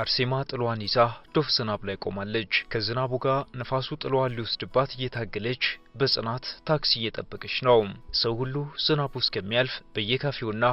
አርሴማ ጥሏን ይዛ ዶፍ ዝናብ ላይ ቆማለች። ከዝናቡ ጋር ነፋሱ ጥሏን ሊወስድባት እየታገለች በጽናት ታክሲ እየጠበቀች ነው። ሰው ሁሉ ዝናቡ እስከሚያልፍ በየካፌውና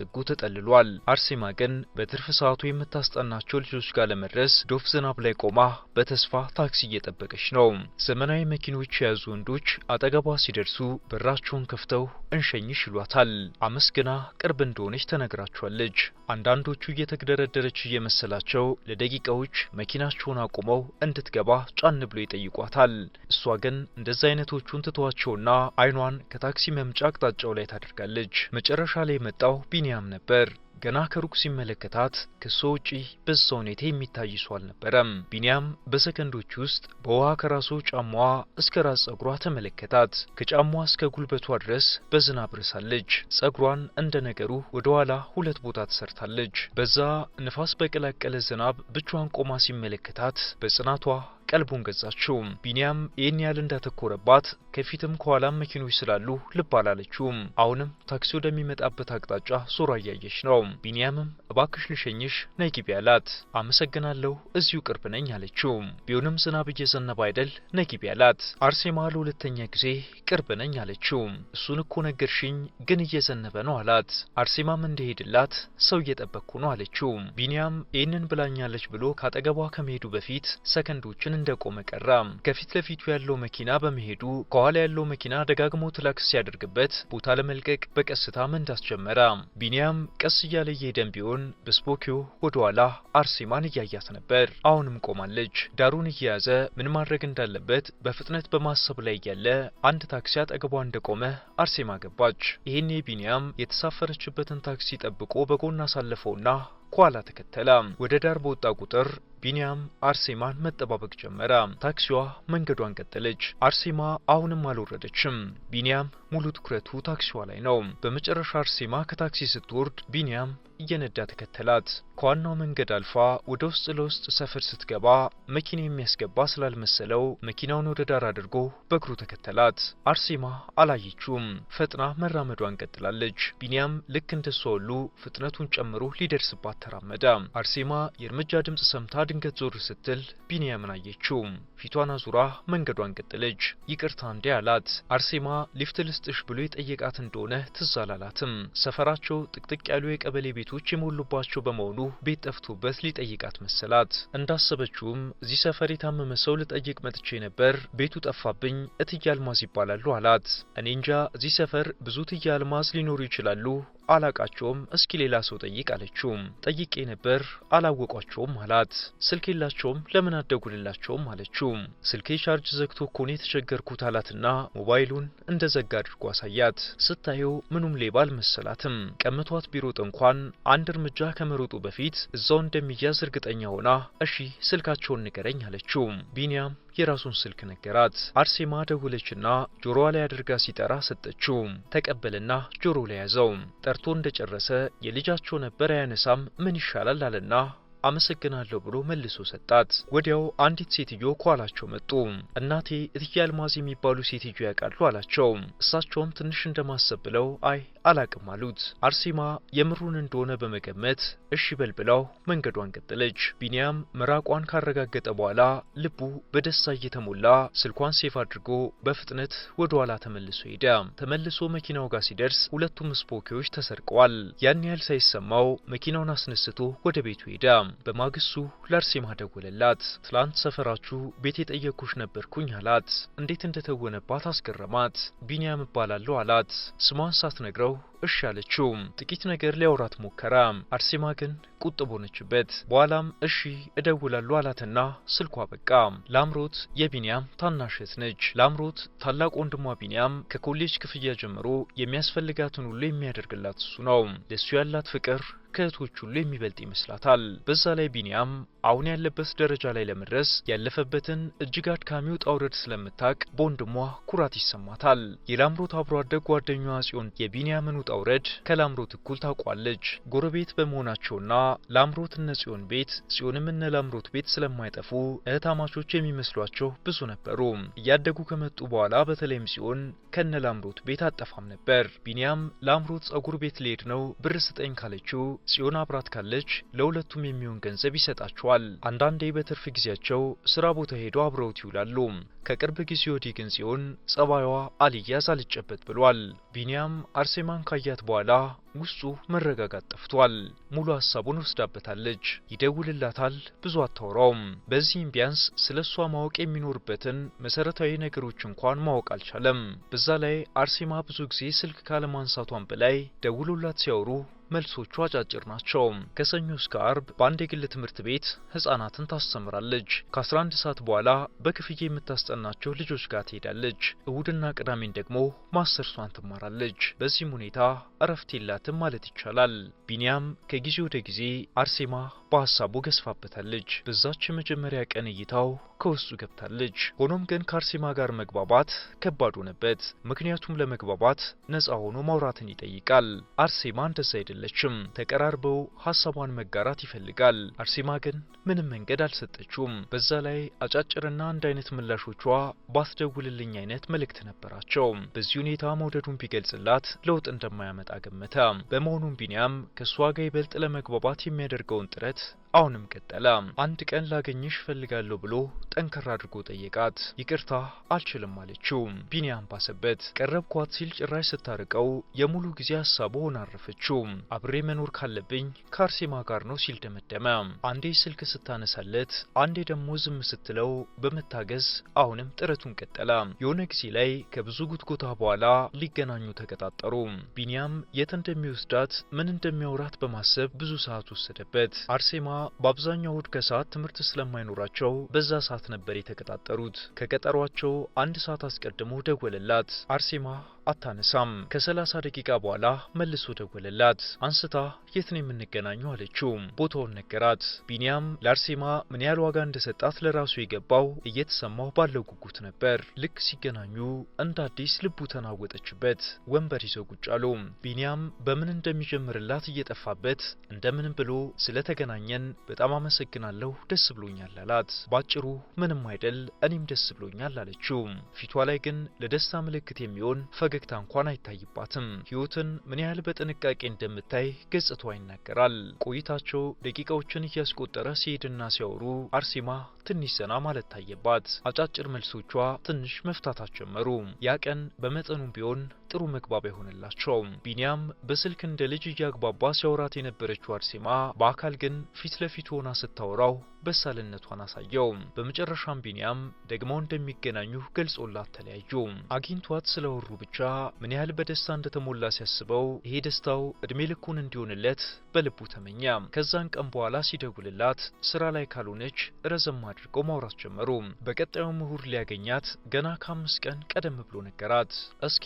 ጥጉ ተጠልሏል። አርሴማ ግን በትርፍ ሰዓቱ የምታስጠናቸው ልጆች ጋር ለመድረስ ዶፍ ዝናብ ላይ ቆማ በተስፋ ታክሲ እየጠበቀች ነው። ዘመናዊ መኪኖች የያዙ ወንዶች አጠገቧ ሲደርሱ በራቸውን ከፍተው እንሸኝሽ ይሏታል። አመስግና ቅርብ እንደሆነች ተነግራቸዋለች። አንዳንዶቹ እየተግደረደረች እየመሰላቸው ለደቂቃዎች መኪናቸውን አቁመው እንድትገባ ጫን ብሎ ይጠይቋታል። እሷ ግን እንደዛ አይነቶቹን ትተዋቸውና አይኗን ከታክሲ መምጫ አቅጣጫው ላይ ታደርጋለች። መጨረሻ ላይ የመጣው ቢንያም ነበር። ገና ከሩቅ ሲመለከታት ከሷ ውጪ በዛ ሁኔታ የሚታይ ሰው አልነበረም። ቢንያም በሰከንዶች ውስጥ በውሃ ከራሱ ጫማዋ እስከ ራስ ጸጉሯ ተመለከታት። ከጫማዋ እስከ ጉልበቷ ድረስ በዝናብ ርሳለች። ጸጉሯን እንደ ነገሩ ወደ ኋላ ሁለት ቦታ ተሰርታለች። በዛ ንፋስ በቀላቀለ ዝናብ ብቻዋን ቆማ ሲመለከታት በጽናቷ ቀልቡን ገዛችው። ቢኒያም ይህን ያህል እንዳተኮረባት ከፊትም ከኋላም መኪኖች ስላሉ ልብ አላለችውም። አሁንም ታክሲ ወደሚመጣበት አቅጣጫ ዞራ እያየች ነው። ቢኒያምም እባክሽ ልሸኝሽ ነይ ግቢ አላት። አመሰግናለሁ እዚሁ ቅርብ ነኝ አለችው። ቢሆንም ዝናብ እየዘነበ አይደል ነይ ግቢ አላት። አርሴማ ለሁለተኛ ጊዜ ቅርብ ነኝ አለችው። እሱን እኮ ነገርሽኝ ግን እየዘነበ ነው አላት። አርሴማም እንደሄድላት ሰው እየጠበቅኩ ነው አለችው። ቢኒያም ይህንን ብላኛለች ብሎ ካጠገቧ ከመሄዱ በፊት ሰከንዶችን እንደቆመ ቀራ። ከፊት ለፊቱ ያለው መኪና በመሄዱ ከኋላ ያለው መኪና ደጋግሞ ትላክስ ሲያደርግበት ቦታ ለመልቀቅ በቀስታ መንዳት ጀመረ። ቢኒያም ቀስ እያለ እየሄደን ቢሆን በስፖኪዮ ወደኋላ አርሴማን እያያት ነበር። አሁንም ቆማለች። ዳሩን እየያዘ ምን ማድረግ እንዳለበት በፍጥነት በማሰብ ላይ እያለ አንድ ታክሲ አጠገቧ እንደቆመ አርሴማ ገባች። ይህኔ ቢኒያም የተሳፈረችበትን ታክሲ ጠብቆ በጎን አሳለፈውና ከኋላ ተከተለ። ወደ ዳር በወጣ ቁጥር ቢኒያም አርሴማን መጠባበቅ ጀመረ። ታክሲዋ መንገዷን ቀጠለች። አርሴማ አሁንም አልወረደችም። ቢንያም ሙሉ ትኩረቱ ታክሲዋ ላይ ነው። በመጨረሻ አርሴማ ከታክሲ ስትወርድ ቢኒያም እየነዳ ተከተላት። ከዋናው መንገድ አልፋ ወደ ውስጥ ለውስጥ ሰፈር ስትገባ መኪና የሚያስገባ ስላልመሰለው መኪናውን ወደ ዳር አድርጎ በእግሩ ተከተላት። አርሴማ አላየችውም፣ ፈጥና መራመዷን ቀጥላለች። ቢንያም ልክ እንደሷ ሁሉ ፍጥነቱን ጨምሮ ሊደርስባት ተራመደ። አርሴማ የእርምጃ ድምፅ ሰምታ ድንገት ዞር ስትል ቢንያምን አየችው። ፊቷን አዙራ መንገዷን ቀጠለች። ይቅርታ እንዴ አላት። አርሴማ ሊፍት ልስጥሽ ብሎ የጠየቃት እንደሆነ ትዝ አላላትም። ሰፈራቸው ጥቅጥቅ ያሉ የቀበሌ ቤት ቤቶች የሞሉባቸው በመሆኑ ቤት ጠፍቶበት ሊጠይቃት መሰላት። እንዳሰበችውም እዚህ ሰፈር የታመመ ሰው ልጠይቅ መጥቼ ነበር፣ ቤቱ ጠፋብኝ፣ እትዬ አልማዝ ይባላሉ አላት። እኔ እንጃ እዚህ ሰፈር ብዙ እትዬ አልማዝ ሊኖሩ ይችላሉ አላቃቸውም፣ እስኪ ሌላ ሰው ጠይቅ አለችው። ጠይቄ ነበር አላወቋቸውም አላት። ስልክ የላቸውም ለምን አደጉልላቸውም አለችው። ስልኬ ቻርጅ ዘግቶ እኮ ነው የተቸገርኩት አላትና ሞባይሉን እንደ ዘጋ አድርጎ አሳያት። ስታየው ምኑም ሌባ አልመሰላትም። ቀምቷት ቢሮ እንኳን አንድ እርምጃ ከመሮጡ በፊት እዛው እንደሚያዝ እርግጠኛ ሆና እሺ ስልካቸውን ንገረኝ አለችው። ቢኒያም የራሱን ስልክ ነገራት። አርሴማ ደወለችና ጆሮዋ ላይ አድርጋ ሲጠራ ሰጠችው። ተቀበልና ጆሮ ላይ ያዘው። ጠርቶ እንደጨረሰ የልጃቸው ነበር አያነሳም፣ ምን ይሻላል አለና አመሰግናለሁ ብሎ መልሶ ሰጣት። ወዲያው አንዲት ሴትዮ ከኋላቸው መጡ። እናቴ እትዬ አልማዝ የሚባሉ ሴትዮ ያውቃሉ አላቸው። እሳቸውም ትንሽ እንደማሰብ ብለው አይ አላቅም አሉት። አርሴማ የምሩን እንደሆነ በመገመት እሺ በል ብላው መንገዷን ቀጠለች። ቢኒያም ምራቋን ካረጋገጠ በኋላ ልቡ በደስታ እየተሞላ ስልኳን ሴፍ አድርጎ በፍጥነት ወደ ኋላ ተመልሶ ሄደ። ተመልሶ መኪናው ጋር ሲደርስ ሁለቱም ስፖኪዎች ተሰርቀዋል። ያን ያህል ሳይሰማው መኪናውን አስነስቶ ወደ ቤቱ ሄደ። በማግስቱ ለአርሴማ ደወለላት። ትላንት ሰፈራችሁ ቤት የጠየኩሽ ነበርኩኝ አላት። እንዴት እንደተወነባት አስገረማት። ቢኒያም እባላለሁ አላት። ስሟን ሳትነግረው እሺ አለችው። ጥቂት ነገር ሊያወራት ሞከራ። አርሴማ ግን ቁጥብ ሆነችበት። በኋላም እሺ እደውላሉ አላትና ስልኳ በቃ። ላምሮት የቢንያም ታናሽ እህት ነች። ላምሮት ታላቅ ወንድሟ ቢንያም ከኮሌጅ ክፍያ ጀምሮ የሚያስፈልጋትን ሁሉ የሚያደርግላት እሱ ነው። ለእሱ ያላት ፍቅር ከእህቶች ሁሉ የሚበልጥ ይመስላታል። በዛ ላይ ቢንያም አሁን ያለበት ደረጃ ላይ ለመድረስ ያለፈበትን እጅግ አድካሚ ውጣ ውረድ ስለምታቅ በወንድሟ ኩራት ይሰማታል። የላምሮት አብሮ አደግ ጓደኛዋ ጽዮን የቢንያምን ውጣ ውረድ ከላምሮት እኩል ታውቋለች። ጎረቤት በመሆናቸውና ላምሮት እነ ጽዮን ቤት ጽዮንም እነ ላምሮት ቤት ስለማይጠፉ እህታማቾች የሚመስሏቸው ብዙ ነበሩ። እያደጉ ከመጡ በኋላ በተለይም ጽዮን ከነ ላምሮት ቤት አጠፋም ነበር። ቢንያም ላምሮት ጸጉር ቤት ሊሄድ ነው ብር ስጠኝ ካለችው ጽዮን አብራት ካለች ለሁለቱም የሚሆን ገንዘብ ይሰጣቸዋል። ተናግረዋል። አንዳንዴ በትርፍ ጊዜያቸው ስራ ቦታ ሄደው አብረውት ይውላሉ። ከቅርብ ጊዜ ወዲህ ግን ጽዮን ጸባይዋ አልያዝ አልጨበት ብሏል። ቢኒያም አርሴማን ካያት በኋላ ውስጡ መረጋጋት ጠፍቷል። ሙሉ ሀሳቡን ወስዳበታለች። ይደውልላታል፣ ብዙ አታወራውም። በዚህም ቢያንስ ስለ እሷ ማወቅ የሚኖርበትን መሰረታዊ ነገሮች እንኳን ማወቅ አልቻለም። በዛ ላይ አርሴማ ብዙ ጊዜ ስልክ ካለማንሳቷን በላይ ደውሎላት ሲያወሩ መልሶቹ አጫጭር ናቸው። ከሰኞ እስከ አርብ በአንድ የግል ትምህርት ቤት ህጻናትን ታስተምራለች። ከ11 ሰዓት በኋላ በክፍያ የምታስጠናቸው ልጆች ጋር ትሄዳለች። እሁድና ቅዳሜን ደግሞ ማስተርሷን ትማራለች። በዚህም ሁኔታ እረፍት የላትም ማለት ይቻላል። ቢኒያም ከጊዜ ወደ ጊዜ አርሴማ በሀሳቡ ገዝፋበታለች። በዛች የመጀመሪያ ቀን እይታው ከውስጡ ገብታለች። ሆኖም ግን ከአርሴማ ጋር መግባባት ከባድ ሆነበት። ምክንያቱም ለመግባባት ነፃ ሆኖ ማውራትን ይጠይቃል። አርሴማ እንደዛ አይደለም አይደለችም። ተቀራርበው ሀሳቧን መጋራት ይፈልጋል። አርሴማ ግን ምንም መንገድ አልሰጠችውም። በዛ ላይ አጫጭርና አንድ አይነት ምላሾቿ ባስደውልልኝ አይነት መልእክት ነበራቸው። በዚህ ሁኔታ መውደዱን ቢገልጽላት ለውጥ እንደማያመጣ ገመተ። በመሆኑም ቢኒያም ከእሷ ጋር ይበልጥ ለመግባባት የሚያደርገውን ጥረት አሁንም ቀጠለ። አንድ ቀን ላገኝሽ ፈልጋለሁ ብሎ ጠንከር አድርጎ ጠየቃት። ይቅርታ አልችልም አለችው። ቢኒያም ባሰበት። ቀረብኳት ሲል ጭራሽ ስታርቀው የሙሉ ጊዜ ሀሳቡ ሆና አረፈችው። አብሬ መኖር ካለብኝ ከአርሴማ ጋር ነው ሲል ደመደመ። አንዴ ስልክ ስታነሳለት፣ አንዴ ደግሞ ዝም ስትለው በመታገዝ አሁንም ጥረቱን ቀጠለ። የሆነ ጊዜ ላይ ከብዙ ጉትጎታ በኋላ ሊገናኙ ተቀጣጠሩ። ቢኒያም የት እንደሚወስዳት ምን እንደሚያወራት በማሰብ ብዙ ሰዓት ወሰደበት። አርሴማ በአብዛኛው እሁድ ከሰዓት ትምህርት ስለማይኖራቸው በዛ ሰዓት ነበር የተቀጣጠሩት። ከቀጠሯቸው አንድ ሰዓት አስቀድሞ ደወለላት አርሴማ አታነሳም። ከ30 ደቂቃ በኋላ መልሶ ደወለላት። አንስታ የት ነው የምንገናኘው አለችው። ቦታውን ነገራት። ቢኒያም ለአርሴማ ምን ያህል ዋጋ እንደሰጣት ለራሱ የገባው እየተሰማው ባለው ጉጉት ነበር። ልክ ሲገናኙ እንደ አዲስ ልቡ ተናወጠችበት። ወንበር ይዘው ቁጭ አሉ። ቢኒያም በምን እንደሚጀምርላት እየጠፋበት እንደምንም ብሎ ስለተገናኘን በጣም አመሰግናለሁ ደስ ብሎኛል አላት። ባጭሩ ምንም አይደል እኔም ደስ ብሎኛል አለችው። ፊቷ ላይ ግን ለደስታ ምልክት የሚሆን ፈገ ፈገግታ እንኳን አይታይባትም። ህይወትን ምን ያህል በጥንቃቄ እንደምታይ ገጽቷ ይናገራል። ቆይታቸው ደቂቃዎችን እያስቆጠረ ሲሄድና ሲያወሩ አርሴማ ትንሽ ዘና ማለት ታየባት። አጫጭር መልሶቿ ትንሽ መፍታታት ጀመሩ። ያ ቀን በመጠኑም ቢሆን ጥሩ መግባብ ይሆንላቸው። ቢኒያም በስልክ እንደ ልጅ እያግባባ ሲያወራት የነበረችው አርሴማ በአካል ግን ፊት ለፊት ሆና ስታወራው በሳልነቷን አሳየው። በመጨረሻም ቢኒያም ደግሞ እንደሚገናኙ ገልጾላት ተለያዩ። አግኝቷት ስለወሩ ብቻ ምን ያህል በደስታ እንደተሞላ ሲያስበው ይሄ ደስታው እድሜ ልኩን እንዲሆንለት በልቡ ተመኛ። ከዛን ቀን በኋላ ሲደውልላት ስራ ላይ ካልሆነች ረዘም አድርገው ማውራት ጀመሩ። በቀጣዩ ምሁር ሊያገኛት ገና ከአምስት ቀን ቀደም ብሎ ነገራት። እስኪ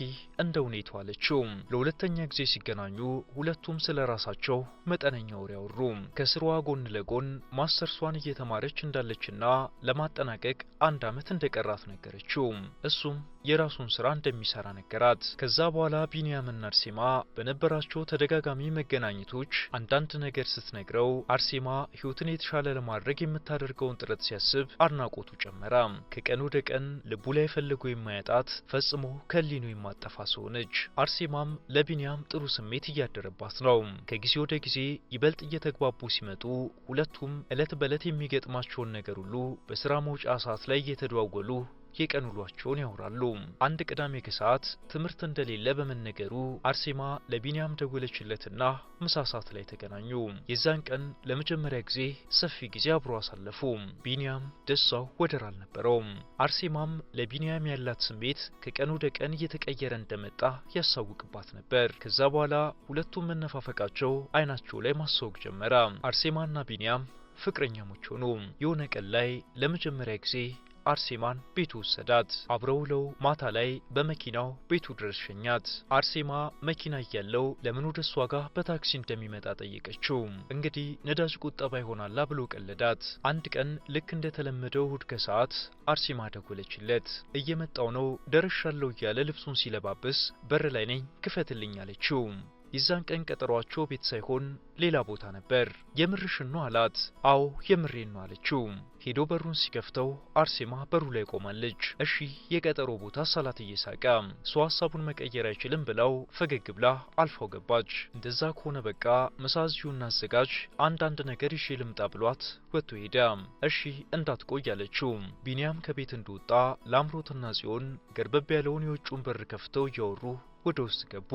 እንደ ሁኔታው አለችው። ለሁለተኛ ጊዜ ሲገናኙ ሁለቱም ስለ ራሳቸው መጠነኛ ወሬ አወሩ። ከስሯ ጎን ለጎን ማስተርሷን እየተማረች እንዳለችና ለማጠናቀቅ አንድ ዓመት እንደቀራት ነገረችው። እሱም የራሱን ስራ እንደሚሰራ ነገራት። ከዛ በኋላ ቢንያምና አርሴማ በነበራቸው ተደጋጋሚ መገናኘቶች አንዳንድ ነገር ስትነግረው አርሴማ ህይወትን የተሻለ ለማድረግ የምታደርገውን ጥረት ሲያስብ አድናቆቱ ጨመረ። ከቀን ወደ ቀን ልቡ ላይ ፈልጎ የማያጣት ፈጽሞ ከሊኑ የማጠፋ ሰው ነች አርሴማም ለቢንያም ጥሩ ስሜት እያደረባት ነው። ከጊዜ ወደ ጊዜ ይበልጥ እየተግባቡ ሲመጡ ሁለቱም እለት በእለት የሚገጥማቸውን ነገር ሁሉ በስራ መውጫ ሰዓት ላይ እየተደዋወሉ የቀን ውሏቸውን ያወራሉ። አንድ ቅዳሜ ከሰዓት ትምህርት እንደሌለ በመነገሩ አርሴማ ለቢንያም ደወለችለትና ምሳ ሰዓት ላይ ተገናኙ። የዛን ቀን ለመጀመሪያ ጊዜ ሰፊ ጊዜ አብሮ አሳለፉ። ቢንያም ደስታው ወደር አልነበረውም። አርሴማም ለቢንያም ያላት ስሜት ከቀን ወደ ቀን እየተቀየረ እንደመጣ ያሳውቅባት ነበር። ከዛ በኋላ ሁለቱም መነፋፈቃቸው አይናቸው ላይ ማስታወቅ ጀመረ። አርሴማና ቢንያም ፍቅረኛሞች ሆኑ። የሆነ ቀን ላይ ለመጀመሪያ ጊዜ አርሴማን ቤቱ ወሰዳት። አብረው ውለው ማታ ላይ በመኪናው ቤቱ ድረስ ሸኛት። አርሴማ መኪና እያለው ለምን ወደ እሷ ጋር በታክሲ እንደሚመጣ ጠየቀችው። እንግዲህ ነዳጅ ቁጠባ ይሆናላ ብሎ ቀለዳት። አንድ ቀን ልክ እንደተለመደው እሁድ ከሰዓት አርሴማ ደወለችለት። እየመጣው ነው ደረሻለሁ እያለ ልብሱን ሲለባብስ በር ላይ ነኝ ክፈትልኝ አለችው። የዛን ቀን ቀጠሯቸው ቤት ሳይሆን ሌላ ቦታ ነበር። የምርሽኑ አላት። አዎ የምሬ ነው አለችው። ሄዶ በሩን ሲከፍተው አርሴማ በሩ ላይ ቆማለች። እሺ የቀጠሮ ቦታ ሳላት እየሳቀ ሰው ሀሳቡን መቀየር አይችልም ብለው ፈገግ ብላ አልፋው ገባች። እንደዛ ከሆነ በቃ አዘጋጅ አንድ አንዳንድ ነገር ይዤ ልምጣ ብሏት ወጥቶ ሄደ። እሺ እንዳትቆይ አለችው። ቢንያም ከቤት እንደወጣ ላምሮትና ጽዮን ገርበብ ያለውን የውጭውን በር ከፍተው እያወሩ ወደ ውስጥ ገቡ።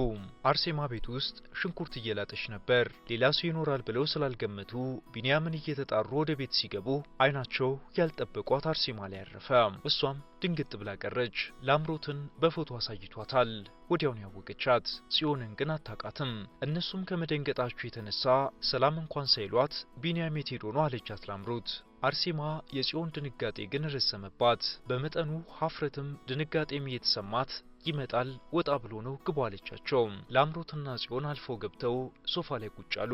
አርሴማ ቤት ውስጥ ሽንኩርት እየላጠች ነበር። ሌላ ራሱ ይኖራል ብለው ስላልገመቱ ቢንያምን እየተጣሩ ወደ ቤት ሲገቡ አይናቸው ያልጠበቋት አርሴማ ላይ ያረፈ። እሷም ድንግጥ ብላ ቀረች። ላምሮትን በፎቶ አሳይቷታል። ወዲያውን ያወቀቻት ጽዮንን ግን አታውቃትም። እነሱም ከመደንገጣቸው የተነሳ ሰላም እንኳን ሳይሏት ቢንያም የት ሄዶ ነው አለቻት ላምሮት አርሴማ የጽዮን ድንጋጤ ግን ረሰመባት። በመጠኑ ሀፍረትም ድንጋጤም እየተሰማት ይመጣል ወጣ ብሎ ነው ግቡ አለቻቸው። ለአምሮትና ጽዮን አልፈው ገብተው ሶፋ ላይ ቁጭ አሉ።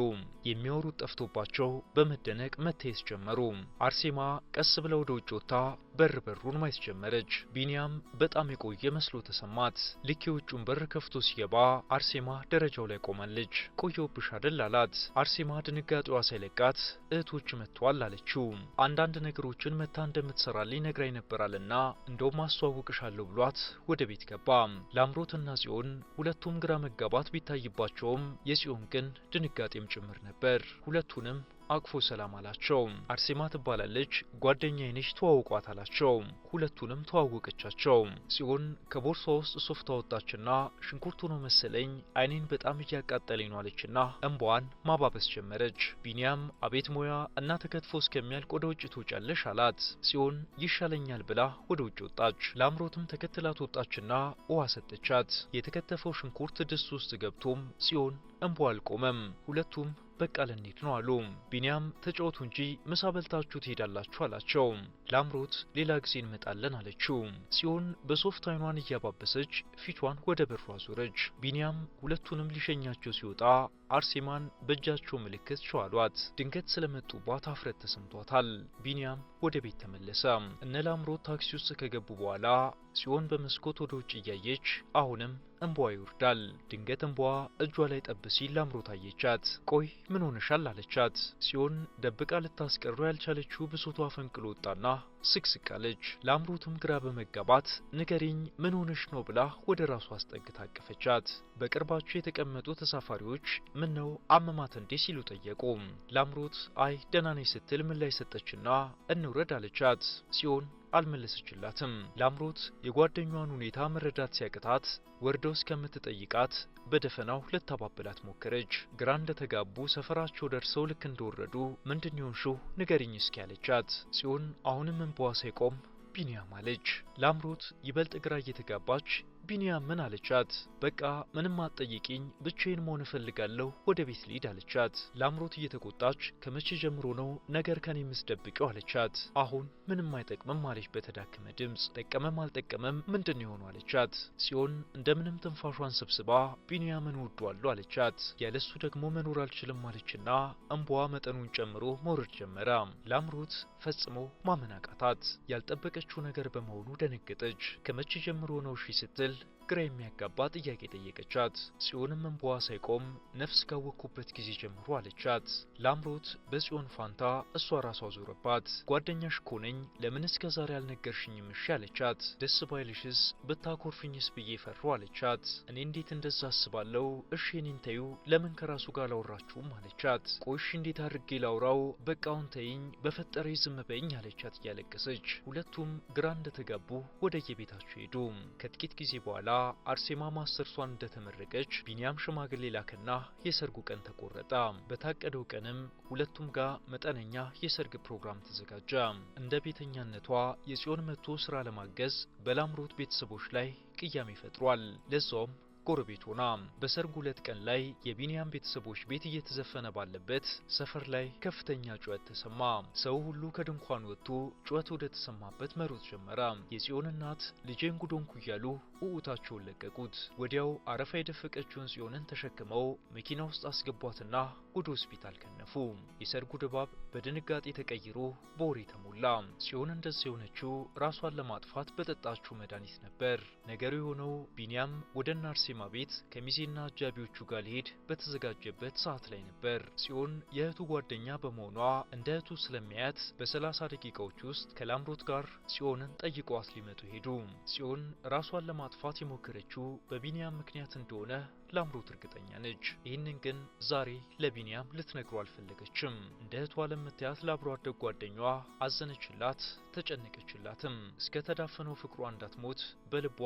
የሚያወሩት ጠፍቶባቸው በመደነቅ መታየት ጀመሩ። አርሴማ ቀስ ብለው ወደ ውጭ ወጥታ በር በሩን ማየት ጀመረች። ቢኒያም በጣም የቆየ መስሎ ተሰማት። ልክ በር ከፍቶ ሲገባ አርሴማ ደረጃው ላይ ቆማለች። ቆየሁብሽ አይደል አላት። አርሴማ ድንጋጤዋ ሳይለቃት እህቶች መጥተዋል አለችው። አንዳንድ ነገሮችን መታ እንደምትሰራልኝ ነግራ ይነበራልና እንደውም አስተዋውቅሻለሁ ብሏት ወደ ቤት ገባ። ለአምሮትና ጽዮን ሁለቱም ግራ መጋባት ቢታይባቸውም የጽዮን ግን ድንጋጤም ጭምር ነበር። ሁለቱንም አቅፎ ሰላም አላቸው። አርሴማ ትባላለች፣ ጓደኛዬ ነች ተዋውቋት አላቸው። ሁለቱንም ተዋወቀቻቸው። ጽዮን ከቦርሳ ውስጥ ሶፍት አወጣችና ሽንኩርቱ ነው መሰለኝ አይኔን በጣም እያቃጠለኝ ነው አለችና እንቧን ማባበስ ጀመረች። ቢኒያም አቤት ሙያ እና ተከትፎ እስከሚያልቅ ወደ ውጭ ትውጫለሽ አላት። ጽዮን ይሻለኛል ብላ ወደ ውጭ ወጣች። ለአምሮትም ተከትላት ወጣችና ውሃ ሰጠቻት። የተከተፈው ሽንኩርት ድስት ውስጥ ገብቶም ጽዮን እንቧ አልቆመም። ሁለቱም በቃ ልንሄድ ነው አሉ። ቢንያም ተጫወቱ እንጂ ምሳ በልታችሁ ትሄዳላችሁ አላቸው። ላምሮት ሌላ ጊዜ እንመጣለን አለችው ሲሆን በሶፍት አይኗን እያባበሰች ፊቷን ወደ በሩ አዞረች። ቢንያም ሁለቱንም ሊሸኛቸው ሲወጣ አርሴማን በእጃቸው ምልክት ሸው ድንገት ስለመጡባት አፍረት ተሰምቷታል። ቢንያም ወደ ቤት ተመለሰ። እነ ላምሮት ታክሲ ውስጥ ከገቡ በኋላ ሲሆን በመስኮት ወደ ውጭ እያየች አሁንም እንቧ ይወርዳል። ድንገት እንቧ እጇ ላይ ጠብ ሲል ታየቻት ቆይ ምን ሆነሻል አለቻት ሲሆን ደብቃ ልታስቀረው ያልቻለችው ብሶቷ ፈንቅሎ ወጣና ስቅስቅ አለች። ለአምሮትም ግራ በመጋባት ንገሪኝ ምን ሆነሽ ነው ብላ ወደ ራሷ አስጠግታ አቀፈቻት። በቅርባቸው የተቀመጡ ተሳፋሪዎች ምን ነው አመማት እንዴ ሲሉ ጠየቁ። ለአምሮት አይ ደህና ነኝ ስትል ምን ላይ ሰጠችና እንውረድ አለቻት ሲሆን አልመለሰችላትም። ላምሮት የጓደኛዋን ሁኔታ መረዳት ሲያቅታት ወርደው እስከምትጠይቃት በደፈናው ልታባብላት ሞከረች። ግራ እንደተጋቡ ሰፈራቸው ደርሰው ልክ እንደወረዱ ምንድን የሆንሽው ንገሪኝ እስኪ ያለቻት ሲሆን አሁንም እንባዋ ሳይቆም ቢኒያም አለች። ላምሮት ይበልጥ ግራ እየተጋባች ቢንያም ምን አለቻት? በቃ ምንም አጠይቂኝ ብቻዬን መሆን እፈልጋለሁ፣ ወደ ቤት ልሂድ አለቻት። ላምሮት እየተቆጣች ከመቼ ጀምሮ ነው ነገር ከኔ የምትደብቂው አለቻት። አሁን ምንም አይጠቅምም አለች በተዳከመ ድምፅ። ጠቀመም አልጠቀመም ምንድን የሆኑ አለቻት። ሲሆን እንደምንም ትንፋሿን ሰብስባ ቢንያምን ወዷሉ አለቻት። ያለሱ ደግሞ መኖር አልችልም አለችና እንቧ መጠኑን ጨምሮ መውረድ ጀመረ። ላምሮት ፈጽሞ ማመን አቃታት። ያልጠበቀችው ነገር በመሆኑ ደነገጠች። ከመቼ ጀምሮ ነው ሺ ስትል ግራ የሚያጋባ ጥያቄ ጠየቀቻት። ጽዮንም እንባዋ ሳይቆም ነፍስ ካወቅኩበት ጊዜ ጀምሮ አለቻት። ላምሮት በጽዮን ፋንታ እሷ ራሷ ዞረባት። ጓደኛሽ እኮ ነኝ ለምን እስከ ዛሬ አልነገርሽኝም? እሺ አለቻት። ደስ ባይልሽስ ብታኮርፍኝስ ብዬ ፈሩ አለቻት። እኔ እንዴት እንደዛ አስባለሁ? እሺ እኔን ተዩ ለምን ከራሱ ጋር አላወራችሁም? አለቻት። ቆሽ እንዴት አድርጌ ላውራው? በቃውን ተይኝ በፈጠረ ዝም በይኝ አለቻት እያለቀሰች። ሁለቱም ግራ እንደተጋቡ ወደ የቤታቸው ሄዱ። ከጥቂት ጊዜ በኋላ አርሴማ ማስተርሷን እንደተመረቀች ቢኒያም ሽማግሌ ላከና የሰርጉ ቀን ተቆረጠ። በታቀደው ቀንም ሁለቱም ጋር መጠነኛ የሰርግ ፕሮግራም ተዘጋጀ። እንደ ቤተኛነቷ የጽዮን መጥቶ ስራ ለማገዝ በላምሮት ቤተሰቦች ላይ ቅያሜ ፈጥሯል። ለዛውም ጎረቤት ሆና በሰርጉ ሁለት ቀን ላይ የቢንያም ቤተሰቦች ቤት እየተዘፈነ ባለበት ሰፈር ላይ ከፍተኛ ጩኸት ተሰማ። ሰው ሁሉ ከድንኳን ወጥቶ ጩኸት ወደ ተሰማበት መሮጥ ጀመረ። የጽዮን እናት ልጄን ጉዶንኩ እያሉ ውዑታቸውን ለቀቁት። ወዲያው አረፋ የደፈቀችውን ጽዮንን ተሸክመው መኪና ውስጥ አስገቧትና ወደ ሆስፒታል ከነፉ። የሰርጉ ድባብ በድንጋጤ ተቀይሮ በወሬ ተሞላ። ጽዮን እንደዚህ የሆነችው ራሷን ለማጥፋት በጠጣችው መድኃኒት ነበር። ነገሩ የሆነው ቢንያም ወደ ናርሴ የአርሴማ ቤት ከሚዜና አጃቢዎቹ ጋር ሊሄድ በተዘጋጀበት ሰዓት ላይ ነበር። ጽዮን የእህቱ ጓደኛ በመሆኗ እንደ እህቱ ስለሚያያት በ30 ደቂቃዎች ውስጥ ከላምሮት ጋር ጽዮንን ጠይቀዋት ሊመጡ ሄዱ። ጽዮን ራሷን ለማጥፋት የሞከረችው በቢንያም ምክንያት እንደሆነ ላምሮት እርግጠኛ ነች። ይህንን ግን ዛሬ ለቢንያም ልትነግሩ አልፈለገችም። እንደ እህቷ ለምታያት ለአብሮ አደግ ጓደኛዋ አዘነችላት፣ ተጨነቀችላትም። እስከ ተዳፈነው ፍቅሯ እንዳትሞት በልቧ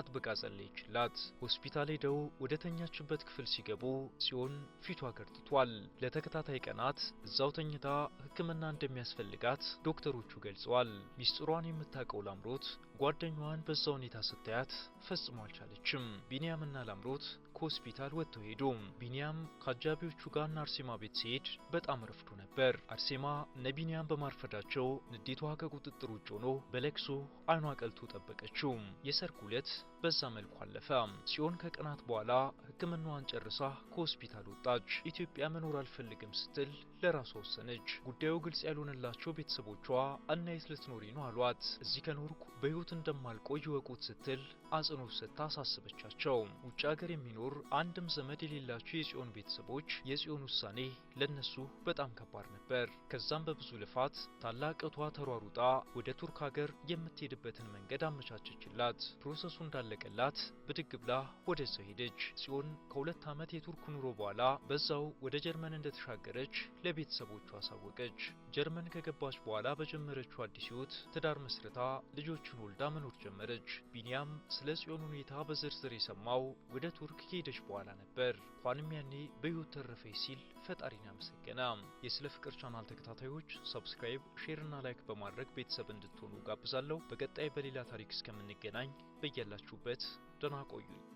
አጥብቃ ጸለየችላት። ሆስፒታል ሄደው ወደ ተኛችበት ክፍል ሲገቡ ሲሆን ፊቷ ገርጥቷል። ለተከታታይ ቀናት እዛው ተኝታ ሕክምና እንደሚያስፈልጋት ዶክተሮቹ ገልጸዋል። ሚስጥሯን የምታውቀው ላምሮት ጓደኛዋን በዛ ሁኔታ ስታያት ፈጽሞ አልቻለችም። ቢንያምና ላምሮት ከሆስፒታል ወጥቶ ሄዱ። ቢኒያም ከአጃቢዎቹ ጋር አርሴማ ቤት ሲሄድ በጣም ረፍዶ ነበር። አርሴማ እነ ቢኒያም በማርፈዳቸው ንዴቷ ከቁጥጥር ውጭ ሆኖ በለቅሶ አይኗ ቀልቶ ጠበቀችው። የሰርጉ ዕለት በዛ መልኩ አለፈ። ሲሆን ከቀናት በኋላ ሕክምናዋን ጨርሳ ከሆስፒታል ወጣች። ኢትዮጵያ መኖር አልፈልግም ስትል ለራሷ ወሰነች። ጉዳዩ ግልጽ ያልሆነላቸው ቤተሰቦቿ እና ልትኖሪ ነው አሏት። እዚህ ከኖርኩ በህይወት እንደማልቆይ ይወቁት ስትል አጽንኦት ሰጥታ አሳስበቻቸው። ውጭ ሀገር የሚኖር አንድም ዘመድ የሌላቸው የጽዮን ቤተሰቦች የጽዮን ውሳኔ ለነሱ በጣም ከባድ ነበር። ከዛም በብዙ ልፋት ታላቅ እህቷ ተሯሩጣ ወደ ቱርክ ሀገር የምትሄድበትን መንገድ አመቻቸችላት። ፕሮሰሱ እንዳለ እንዳለቀላት ብድግ ብላ ወደዛው ሄደች። ጽዮን ከሁለት ዓመት የቱርክ ኑሮ በኋላ በዛው ወደ ጀርመን እንደተሻገረች ለቤተሰቦቿ አሳወቀች። ጀርመን ከገባች በኋላ በጀመረችው አዲስ ሕይወት ትዳር መስርታ ልጆችን ወልዳ መኖር ጀመረች። ቢኒያም ስለ ጽዮን ሁኔታ በዝርዝር የሰማው ወደ ቱርክ ከሄደች በኋላ ነበር። እንኳንም ያኔ በሕይወት ተረፈች ሲል ፈጣሪን አመሰገና። የስለ ፍቅር ቻናል ተከታታዮች ሰብስክራይብ፣ ሼርና ላይክ በማድረግ ቤተሰብ እንድትሆኑ ጋብዛለሁ። በቀጣይ በሌላ ታሪክ እስከምንገናኝ በያላችሁበት ደህና ቆዩኝ።